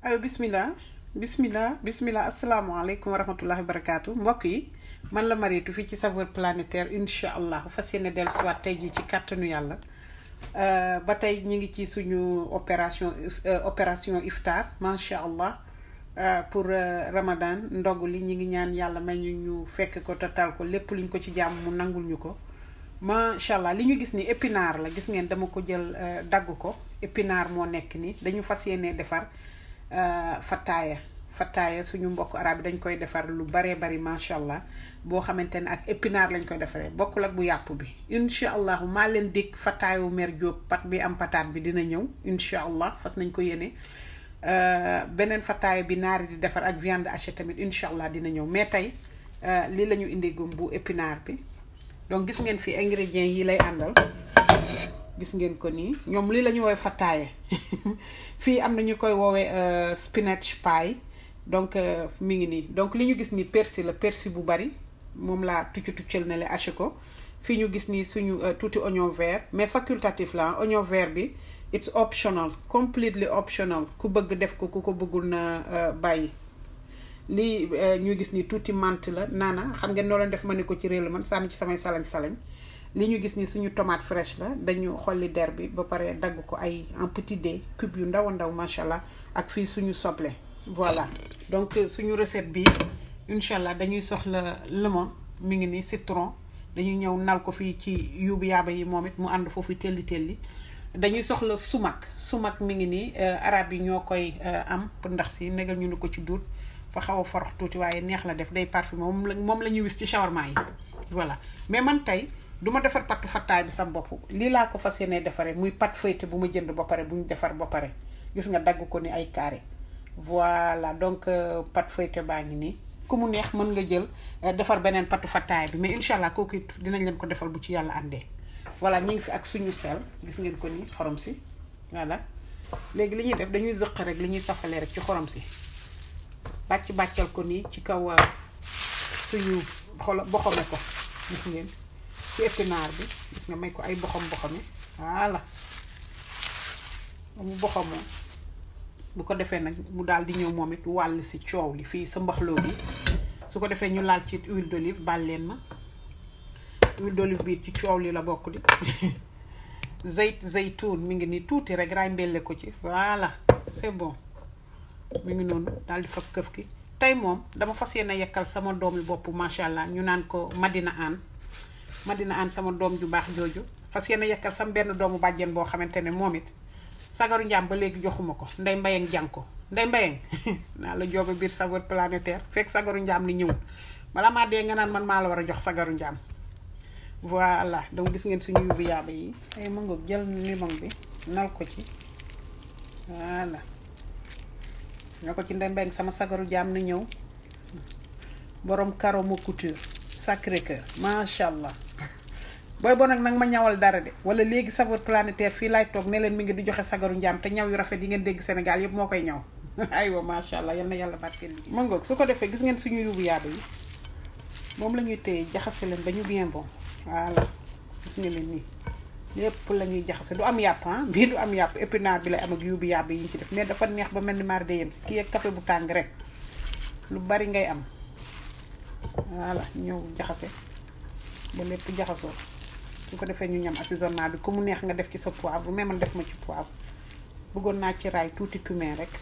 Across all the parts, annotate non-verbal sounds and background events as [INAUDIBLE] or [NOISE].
allo bismillah bismillah bismillah asalaamaaleykum wa rahmatullahi wa barakaatu mbokk yi man la Marietou fii ci Saveurs Planétaires incha allah fas yéene dellusiwaat tey jii ci kàttanu yàlla euh, ba tey ñu ngi ci suñu opération euh, opération iftar macha allah euh, pour Ramadan ndog li ñu ngi ñaan yàlla may ñu ñu fekk ko total ko lépp luñ ko ci jàmm mu nangul ñu ko macha allah li ñu gis ni épinard la gis ngeen dama ko jël dagg ko épinard moo nekk ni dañu fas yéene defar. Euh, fattaaya fattaaya suñu mbokk arab yi dañ koy defar lu baree bari macha allah boo xamante ne ak épinard lañ koy defaree bokkul ak bu yàpp bi incha allahu maa leen dikk fattaayu meer Diop pat bi am pataat bi dina ñëw incha allah fas nañ ko yéene euh, beneen fattaaya bi naar naari di defar ak viande hachée tamit incha allah dina ñëw mais tey euh, lii la ñu indi gum bu épinard bi donc gis ngeen fi ingrédients yi lay àndal gis ngeen ko nii ñoom lii la ñu woowee fattaaye [LAUGHS] fii am na ñu koy woowee euh, spinach pie donc euh, mu ngi nii donc li ñu gis ni persil la persil bu bari moom laa tucc tuccal na le haché ko fii ñu gis nii suñu euh, tuuti oignon vert mais facultatif la oignon vert bi it's optional completely optional ku bëgg def ko ku ko bëggul na bàyyi lii ñu gis ni tuuti menthe la naana xam ngeen noo leen def ma ne ko ci réew man sànni ci samay salañ salañ li ñu gis ni suñu tomate fraîche la dañu xolli der bi ba pare dagg ko ay en petit dé cube yu ndaw ndaw macha allah ak fii suñu soble voilà donc euh, suñu recette bi incha allah dañuy soxla lemon mu ngi ni citron dañuy ñëw nal ko fii ci yuubu yaaba yi moom it mu ànd foofu telli telli dañuy soxla sumac sumac mi ngi nii euh, arab yi ñoo koy euh, am ndax si negal ñu ne ko ci duut fa xaw a forox tuuti waaye neex la def dey parfumé moom la moom la ñuy wis ci shawarma yi voilà mais tey duma defar pattu fattaay bi sam bopp lii laa ko fasiyene defare muy pat feuilleté bu ma jënd ba pare bu ñu defar ba pare gis nga dagg ko ni ay carré voilà donc euh, pat feuilleté baa ngi nii ku mu neex mën nga jël euh, defar beneen pattu fattaay bi mais incha allah kooku it dinañ leen ko defal bu ci yàlla àndee voilà ñu ngi fi ak suñu sel gis ngeen ko ni xorom si voilà léegi li ñuy def dañuy zëq rek li ñuy safalee rek ci xorom si bàcc bàccal ko nii ci kaw euh, suñu xolo boxome ko gis ngeen ci bi gis nga may ko ay boxam boxami voilà mu boxamoo bu ko defee nag mu daal di ñëw moom it wàll si coow li fii sa mbaxloo bi su ko defee ñu laal ci huile d'olive bàl ma huile d'olive bi ci coow li la bokk di [LAUGHS] zayt zaytuun mi ngi nii tuuti rek raay mbelle ko ci voilà c'est bon mu ngi noonu daal di fab këf ki tey moom dama fas yéene yekkal sama doomi bopp macha allah ñu naan ko Madina Anne ma dina an sama doom ju bax jooju fas yéene yekkal sam benn doomu bàjjen bo xamante momit sagaru njaam ba legi joxumako ko nday mbayeng jàng ko nday mbayeng [LAUGHS] na la jooba biir saveur planétaire fek sagaru ni ñew bala ma de nga nan man ma la wara jox sagaru njaam voilà donc gis ngeen suñu yubbu yaaba yi ay eh, mango jël mang bi nal ko ci voilà na ci sama sagaru jaam ni ñew borom karo mo couture sacré cœur boy bon nak manyawal ma ñawal dara de wala léegi saveur planétaire fi lay tok ne len mi ngi du joxe sagaru ndiam te ñaw yu rafet di ngeen dégg sénégal yépp mo koy ñaw [LAUGHS] aywa macha allah yalla yalla barké li mo ngok suko défé gis ngeen suñu yubu yaaba yi moom la ñuy téye jaxase bien bon voilà gis ngeen len ni lépp lañuy jaxassé du am ah. bi du am épinard bi lay am ak yubu yi ci def mais dafa neex ba melni yem ci ki ak café bu tang rek lu bari ngay am voilà ñëw jaxase ba lépp jaxasoo su ko defee ñu ñam assaisonnement bi ku mu neex nga def ci sa poivre mais man def ma ci poivre bëggoon naa ci raay tuuti cumin rek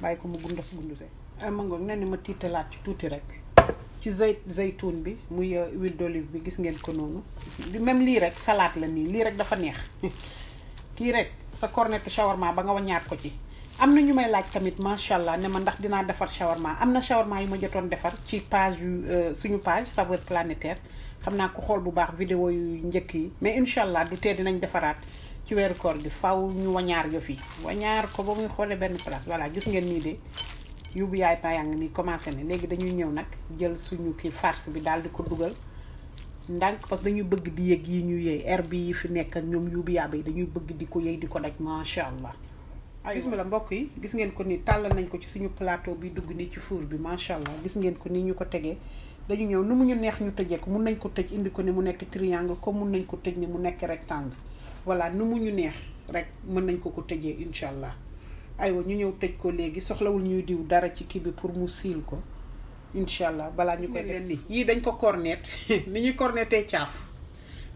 bàyyi ko mu gundas gunduse ah, ma ngoog ne ni ma tiitalaat ci tuuti rek ci zay zaytuun bi mu euh, huile d'olive bi gis ngeen ko noonu même lii rek salaat la nii lii rek dafa neex [LAUGHS] kii rek sa cornetu shawarma ba nga ñaar ko ci amna ñu may laaj tamit macha allah ne ma ndax dina defar shawarma amna shawarma yu ma jotoon defar ci page yu euh, suñu page saveur planétaire xamna ko bu baax vidéo yu njëkk yi mais inshallah du tee dinañ defarat ci wéru koor gi faaw ñu wañaar yo fi wañaar ko ba muy xolé benn place voilà gis ngeen nii de yóbbu yaay payang ni commencé né légui dañuy ñëw nak jël suñu ki farce bi dal di ko duggal ndank parce que dañuy bëgg di yegg yi ñu yëy air bi yi fi nekk ak ñoom yóbbu yaay dañuy bëgg di ko yëy di ko daj macha allah gis ma la mbokk yi gis ngeen ko ni tàllal nañ ko ci suñu plateau bi dugg ni ci four bi macha allah gis ngeen ko ni ñu ko tegee dañu ñëw nu mu ñu neex ñu tëjee ko mun nañ ko tëj indi ko ni mu nekk triangle comme mun nañ ko tëj ni mu nekk rectangle voilà nu mu ñu neex rek mën nañ ko ko tëjee incha allah aywa ñu ñëw tëj ko léegi soxlawul ñuy diw dara ci kii bi pour mu siil ko incha allah balaa ñu koy leen ni yii dañ ko cornet [LAUGHS] ni ñuy cornetee caaf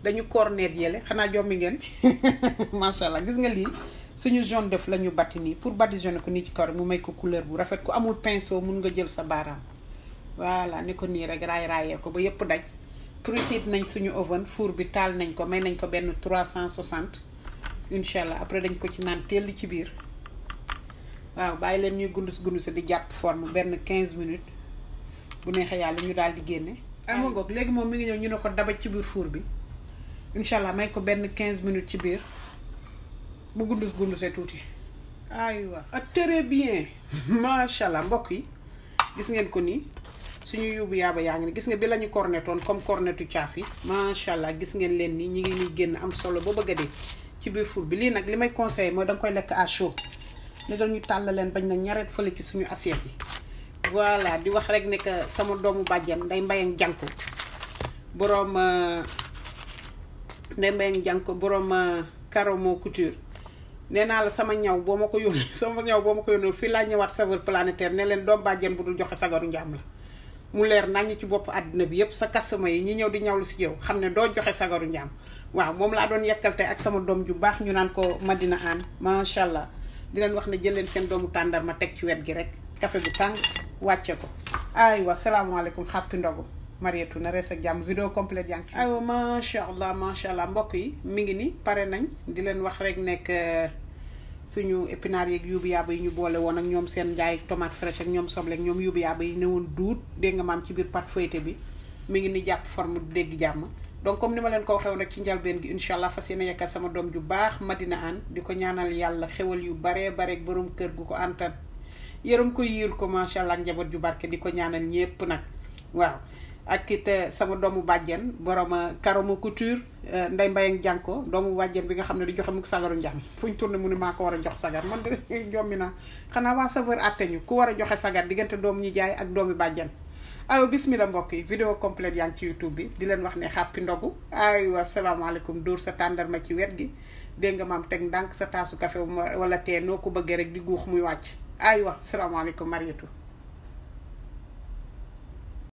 dañu cornet yële xanaa jommi ngeen [LAUGHS] macha allah gis nga lii suñu jaune def la ñu batti nii pour badigeonner ko nii ci kaw mu may ko couleur bu rafet ku amul pinceau mun nga jël sa baaraam waala ni ko nii rek raay raayee ko ba yëpp daj préheat nañ suñu oven four bi taal nañ ko may nañ ko benn 360 incha allah après dañ ko ci naan teel ci biir waaw bàyyi leen ñuy si gundus gundus di jàpp forme benn quinze minutes bu neexee yàlla ñu daal di génne. amoo ah, ngoog léegi moom mi ngi ñëw ñu ne ko dabaj ci biir four bi incha allah may ko benn 15 minutes ci biir. mu gundus gundusee tuuti aywa ah, très bien [LAUGHS] macha allah mbokk yi gis ngeen ko nii suñu yóbbu yaaba yaa ngi ne gis nga bi la ñu cornetoon comme cornetu caaf yi macha allah gis ngeen leen ni ñi ngi ni génn am solo ba bëgg a dee ci biir four bi lii nag li may conseillé mooy da nga koy lekk à chaud ne doon ñu tàll leen bañ na ñareet fële ci suñu assiette yi voilà di wax rek ne que sama doomu bàjjan nday mbayang jànku boroom euh, nday mbayang jànku boroom euh, karamo couture nee naa la sama ñaw boo ma ko yónnee [LAUGHS] sama ñaw boo ma ko yónnee fii laa ñëwaat saveur planétaire ne leen doom bàjjen bu dul joxe sagaru njaam la mu leer naññ ci bopp àdduna bi yépp sa kasama yi ñi ñëw di ñawlu si yow xam ne doo joxe sagaru njaam waaw moom laa doon yekkalte ak sama doom ju baax ñu naan ko Madina am macha allah di leen wax ne jël leen seen doomu tàndar ma teg ci wet gi rek kafe bu tàng wàcce ko aywa salaamaaleykum xàppi ndogu Mariétou na rees jam video vidéo complète yaa ngi ci aywa macha allah allah mbokk yi mi ngi ni paré nañ di len wax rek nek euh, suñu épinard yeeg yubiya bay ñu boole won ak ñom seen jaay tomate fraîche ak ñom soble ak ñom yubiya bay neewon dout de nga maam ci bir pat bi mi ngi ni japp forme dégg jam donc comme nima len ko waxé won ak ci ben gi inshallah allah fas sama dom ju baax Madina an diko ñaanal yalla xewal yu baree ak borom kër gu ko antan yeerum ko yir ko macha allah njaboot ju barke diko ñaanal ñepp nak waaw ak te sama doomu bàjjen borom karoma couture eh, nday mbayang ko doomu bàjjen bi nga xam ne di joxe mukk sagaru njam fu ñu tourné mu ne maa ko war a jox sagar man de [LAUGHS] jommi naa xanaa waa saveur àtte ñu ku war a joxe sagar diggante doomu ñu jaay ak doomi bàjjen aywa bismillah mbokk yi vidéo complète yaa ngi ci youtube bi di leen wax ne xàppi ndogu aywa salaamaaleykum dóor sa tàndarma ci wet gi dégg nga maam teg ndànk sa taasu café wala tee noo ko bëggee rek di guux muy wàcc aywa salaamaaleykum Marietou